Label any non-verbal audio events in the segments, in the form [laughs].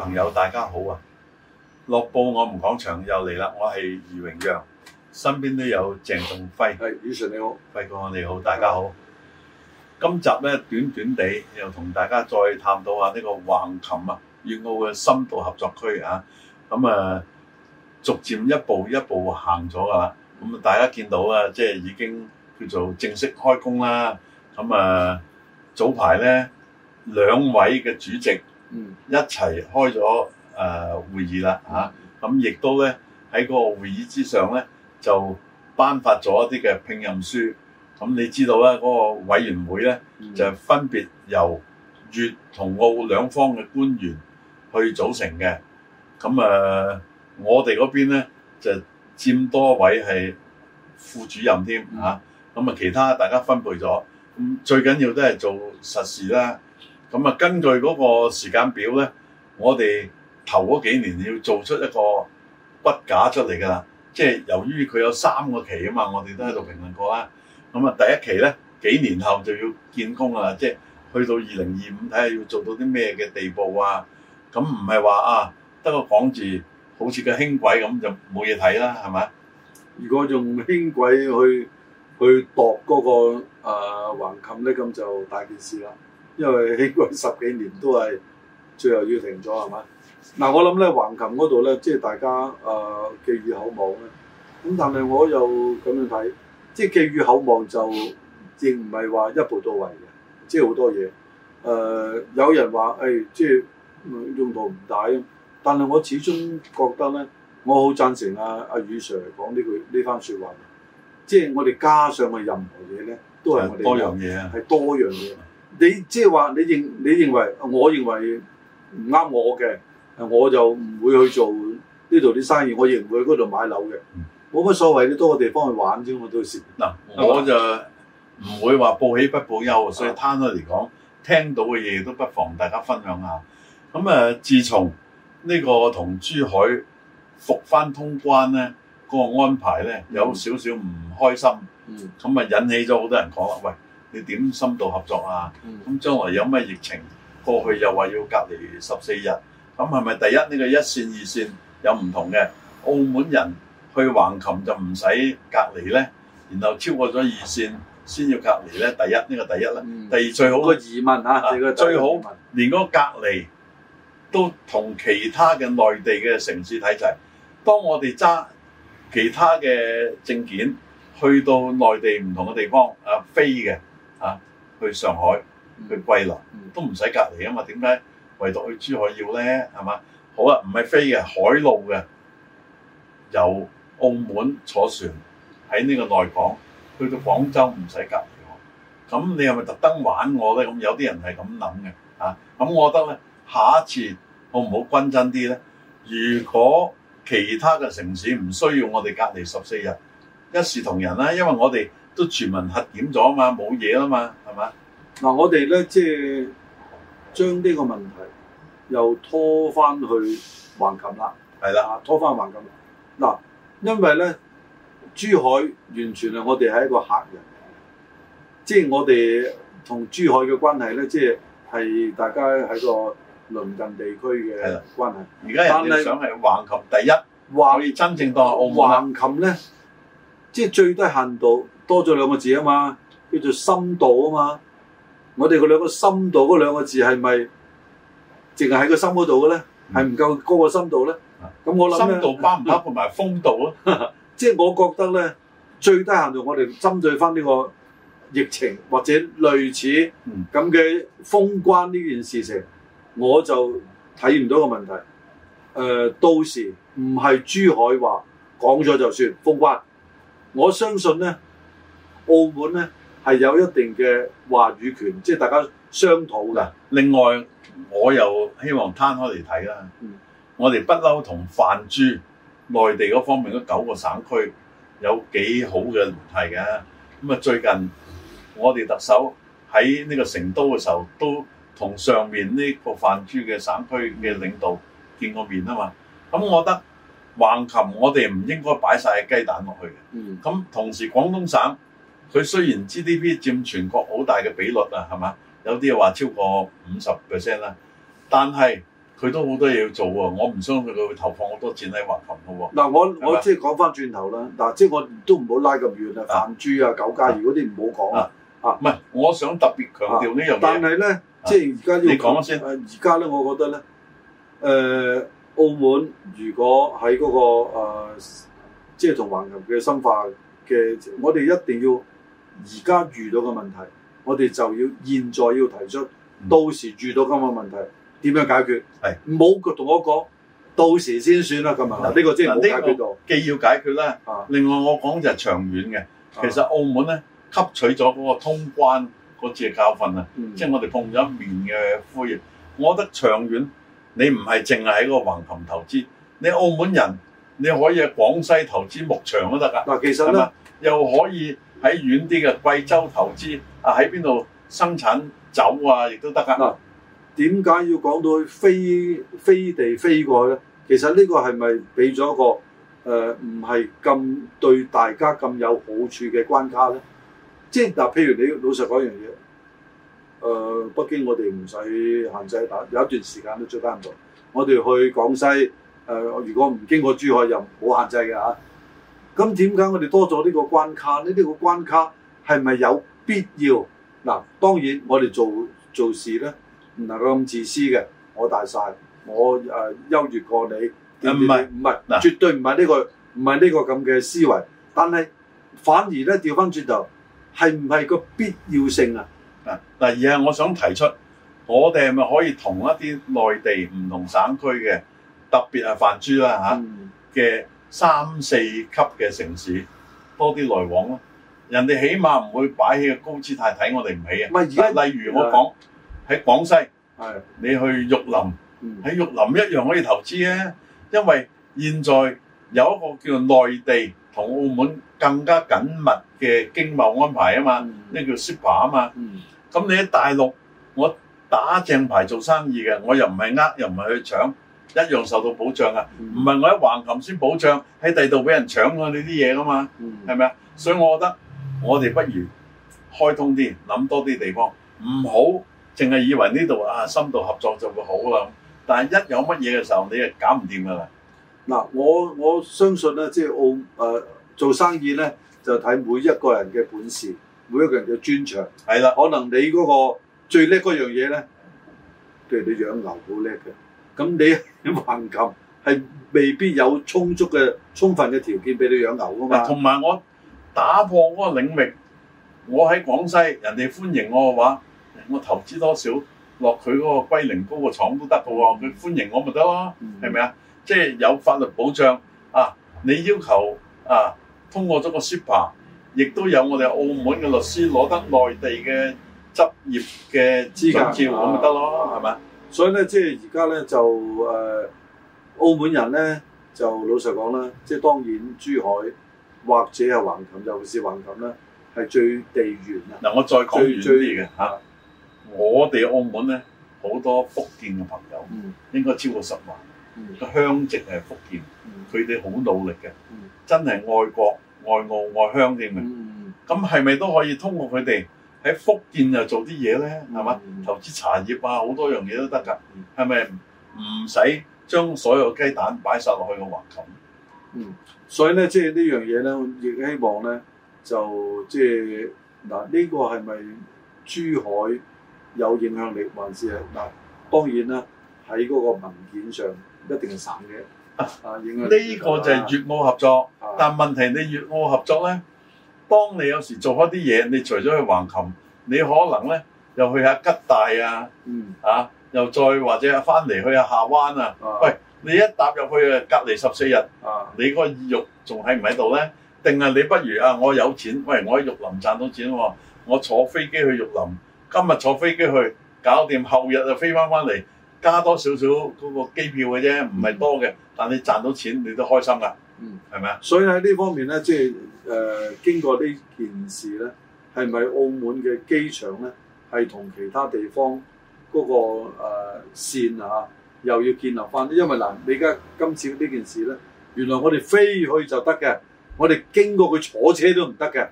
朋友大家好啊！樂報我們講場又嚟啦，我係余榮陽，身邊都有鄭棟輝。係，宇晨你好，輝哥你好，大家好。嗯、今集咧，短短地又同大家再探到下、啊、呢、這個橫琴啊、粵澳嘅深度合作區啊，咁啊，啊，逐漸一步一步行咗噶啦。咁啊，大家見到啊，即係已經叫做正式開工啦。咁啊，啊，早排咧，兩位嘅主席。嗯、一齊開咗誒、呃、會議啦嚇，咁、啊、亦都咧喺嗰個會議之上咧，就頒發咗一啲嘅聘任書。咁、啊、你知道啦，嗰、那個委員會咧、嗯、就分別由粵同澳兩方嘅官員去組成嘅。咁、啊、誒，我哋嗰邊咧就佔多位係副主任添嚇。咁啊，啊，其他大家分配咗。咁最緊要都係做實事啦。咁啊，根據嗰個時間表咧，我哋頭嗰幾年要做出一個骨架出嚟㗎啦。即係由於佢有三個期啊嘛，我哋都喺度評論過啦。咁、嗯、啊，第一期咧幾年後就要建工㗎啦。即係去到二零二五，睇下要做到啲咩嘅地步啊。咁唔係話啊，得個講字好似個輕軌咁就冇嘢睇啦，係咪？如果用輕軌去去度嗰、個誒橫、呃、琴咧，咁就大件事啦。因為起機十幾年都係最後要停咗係嘛？嗱、呃，我諗咧橫琴嗰度咧，即係大家誒寄予厚望咧。咁、呃、但係我又咁樣睇，即係寄予厚望就亦唔係話一步到位嘅，即係好多嘢。誒、呃、有人話誒、欸，即係用途唔大。但係我始終覺得咧，我好贊成啊阿宇 sir 講呢句呢番説話。即係我哋加上嘅任何嘢咧，都係我哋多樣嘢啊，係多樣嘢。你即係話你認你認為，我認為唔啱我嘅，我就唔會去做呢度啲生意，我亦唔會去嗰度買樓嘅，冇乜、嗯、所謂，你多個地方去玩啫。我到時嗱，喏我，我就唔會話報喜不報憂，嗯、所以攤開嚟講，聽到嘅嘢都不妨大家分享下。咁啊，自從呢個同珠海復翻通關咧，嗰、那個安排咧有少少唔開心，咁啊、嗯嗯、引起咗好多人講話，喂。你點深度合作啊？咁將來有咩疫情過去又話要隔離十四日，咁係咪第一呢、呢個一線二線有唔同嘅？澳門人去橫琴就唔使隔離呢，然後超過咗二線先要隔離呢。第一呢、呢個第一啦，嗯、第二最好個疑問嚇，最好連個隔離都同其他嘅內地嘅城市睇齊，當我哋揸其他嘅證件去到內地唔同嘅地方誒、啊、飛嘅。啊！去上海、去桂林都唔使隔離啊嘛？點解唯獨去珠海要咧？係嘛？好啊，唔係飛嘅海路嘅，由澳門坐船喺呢個內港去到廣州唔使隔離喎。咁你係咪特登玩我咧？咁有啲人係咁諗嘅。啊，咁我覺得咧，下一次好唔好均真啲咧。如果其他嘅城市唔需要我哋隔離十四日，一視同仁啦。因為我哋。都全民核檢咗啊嘛，冇嘢啊嘛，係咪？嗱、啊，我哋咧即係將呢個問題又拖翻去橫琴啦，係啦的、啊，拖翻橫琴。嗱、啊，因為咧珠海完全係我哋係一個客人，嚟，即係我哋同珠海嘅關係咧，即係係大家喺個鄰近地區嘅關係。而家有啲想係橫琴第一，可以真正當係橫琴咧，即係最低限度。多咗兩個字啊嘛，叫做深度啊嘛。我哋嗰兩個深度嗰兩個字係咪淨係喺個深嗰度嘅咧？係唔夠高個深度咧？咁、啊、我諗深度包唔包同埋風度咯？ [laughs] 即係我覺得咧，最低限度我哋針對翻呢個疫情或者類似咁嘅封關呢件事情，嗯、我就體驗唔到個問題。誒、呃，到時唔係珠海話講咗就算封關，我相信咧。澳門咧係有一定嘅話語權，即係大家商討㗎。另外，我又希望攤開嚟睇啦。嗯、我哋不嬲同泛珠內地嗰方面嗰九個省區有幾好嘅聯繫㗎。咁、嗯、啊，最近我哋特首喺呢個成都嘅時候，都同上面呢個泛珠嘅省區嘅領導見過面啊嘛。咁我覺得橫琴我哋唔應該擺晒雞蛋落去嘅。咁、嗯、同時廣東省佢雖然 GDP 佔全國好大嘅比率啊，係嘛？有啲話超過五十 percent 啦，但係佢都好多嘢要做喎。我唔相信佢會投放好多錢喺橫琴嘅嗱，我我即係講翻轉頭啦。嗱、啊，即係我都唔好拉咁遠啊。泛珠啊、九加二嗰啲唔好講啊。啊，唔係、啊啊，我想特別強調呢樣嘢。但係咧，即係而家要你講先。而家咧，我覺得咧，誒、呃，澳門如果喺嗰、那個、呃、即係同橫琴嘅深化嘅，我哋一定要。而家遇到嘅問題，我哋就要現在要提出，到時遇到咁嘅問題點樣解決？係唔好同我講，到時先算啦。咁啊，嗱，呢個即係解決既要解決啦。另外我講就係長遠嘅，其實澳門咧，吸取咗嗰個通關嗰次嘅教訓啊，即係我哋碰咗一面嘅灰。我覺得長遠你唔係淨係喺個橫琴投資，你澳門人你可以喺廣西投資牧場都得噶。嗱，其實咧又可以。喺遠啲嘅貴州投資啊，喺邊度生產酒啊，亦都得啊。點解、啊、要講到飛飛地飛過去咧？其實呢個係咪俾咗一個誒唔係咁對大家咁有好處嘅關卡咧？即係嗱，譬如你老實講樣嘢，誒、呃、北京我哋唔使限制打，有一段時間都出得唔到。我哋去廣西誒、呃，如果唔經過珠海又冇限制嘅嚇。啊。咁點解我哋多咗呢個關卡呢？呢個關卡係咪有必要？嗱，當然我哋做做事咧，唔能夠咁自私嘅。我大晒，我誒、呃、優越過你，唔係唔係，啊、是絕對唔係呢個唔係呢個咁嘅思維。但係反而咧，調翻轉頭係唔係個必要性啊？嗱，第二啊，我想提出，我哋係咪可以同一啲內地唔同省區嘅，特別係泛、啊、珠啦嚇嘅。啊嗯三四級嘅城市多啲來往咯，人哋起碼唔會擺起個高姿態睇我哋唔起啊！唔係而家，例如我講喺廣西，係你去玉林，喺玉林一樣可以投資啊，因為現在有一個叫做內地同澳門更加緊密嘅經貿安排啊嘛，呢個叫 CEPA 啊嘛，咁你喺大陸，我打正牌做生意嘅，我又唔係呃，又唔係去搶。一樣受到保障噶，唔係、嗯、我喺橫琴先保障，喺第度俾人搶啊！你啲嘢噶嘛，係咪啊？所以我覺得我哋不如開通啲，諗多啲地方，唔好淨係以為呢度啊深度合作就會好啦。但係一有乜嘢嘅時候，你又搞唔掂噶啦。嗱、嗯，我我相信咧，即係澳誒做生意咧，就睇每一個人嘅本事，每一個人嘅專長。係啦的，可能你嗰個最叻嗰樣嘢咧，即係你養牛好叻嘅。咁你橫琴係未必有充足嘅充分嘅條件俾你養牛噶嘛，同埋我打破嗰個領域，我喺廣西人哋歡迎我嘅話，我投資多少落佢嗰個龜苓膏嘅廠都得㗎喎，佢歡迎我咪得咯，係咪啊？即係有法律保障啊！你要求啊通過咗個 super，亦都有我哋澳門嘅律師攞得內地嘅執業嘅執照咁咪得咯，係咪所以咧，即係而家咧就誒，澳門人咧就老實講啦，即係當然珠海或者係橫琴尤其是橫琴咧，係最地緣啦。嗱，我再講遠啲嘅嚇，啊嗯、我哋澳門咧好多福建嘅朋友，嗯、應該超過十萬，個鄉、嗯、籍係福建，佢哋好努力嘅，嗯、真係愛國、愛澳、愛鄉添嘅。咁係咪都可以通過佢哋？喺福建又做啲嘢咧，係嘛？嗯、投資茶葉啊，好多樣嘢都得㗎，係咪唔使將所有雞蛋擺晒落去個橫琴。嗯，所以咧，即係呢樣嘢咧，亦希望咧，就即係嗱，呢、這個係咪珠海有影響力，還是係嗱？嗯、當然啦，喺嗰個文件上一定係省嘅。啊，影響力。呢個就係粵澳合作，啊、但問題你粵澳合作咧？當你有時做開啲嘢，你除咗去橫琴，你可能咧又去下吉大啊，嗯啊，又再或者翻嚟去下夏灣啊。啊喂，你一踏入去啊，隔離十四日，啊，你嗰個意欲仲喺唔喺度咧？定係你不如啊，我有錢，喂，我喺玉林賺到錢喎、啊，我坐飛機去玉林，今日坐飛機去，搞掂後日就飛翻翻嚟，加多少少嗰個機票嘅啫，唔係多嘅，嗯、但你賺到錢你都開心噶，嗯，係咪啊？所以喺呢方面咧，即係。誒、經過呢件事咧，係咪澳門嘅機場咧，係同其他地方嗰個誒、線啊，又要建立翻咧？因為嗱，你而家今次呢件事咧，原來我哋飛去就得嘅，我哋經過佢坐車都唔得嘅，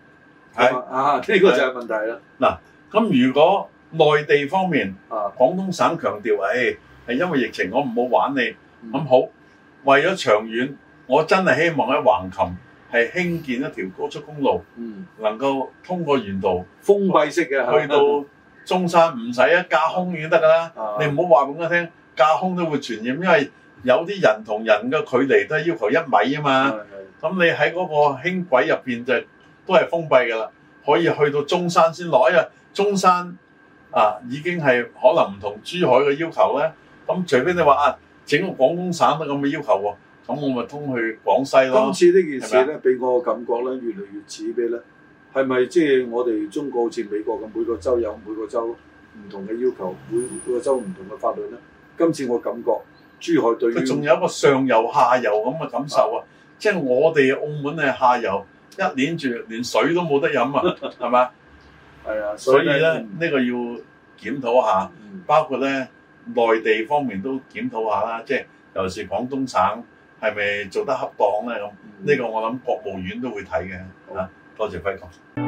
係啊，呢個就係問題啦。嗱，咁如果內地方面，廣東省強調，誒、係因為疫情，我唔好玩你，咁好，為咗長遠，我真係希望喺橫琴。係興建一條高速公路，嗯、能夠通過沿途，封閉式嘅，去到中山唔使啊，架空已經得噶啦。嗯、你唔好話俾我聽架空都會傳染，因為有啲人同人嘅距離都係要求一米啊嘛。咁、嗯嗯、你喺嗰個輕軌入邊就都係封閉噶啦，可以去到中山先攞，因中山啊已經係可能唔同珠海嘅要求咧。咁除非你話啊，整個廣東省都咁嘅要求喎。咁我咪通去廣西咯。今次呢件事咧，俾吧我感覺咧，越嚟越似咩咧？係咪即係我哋中國好似美國咁，每個州有每個州唔同嘅要求，每個州唔同嘅法律咧？今次我感覺珠海對佢仲有一個上游下游咁嘅感受啊！吧即係我哋澳門係下游，一連住連水都冇得飲啊，係咪？係啊，所以咧呢個要檢討下，包括咧內地方面都檢討下啦，即係尤其是廣東省。係咪做得恰當咧？咁呢、嗯、個我諗國務院都會睇嘅嚇。好多謝輝哥。 [noise]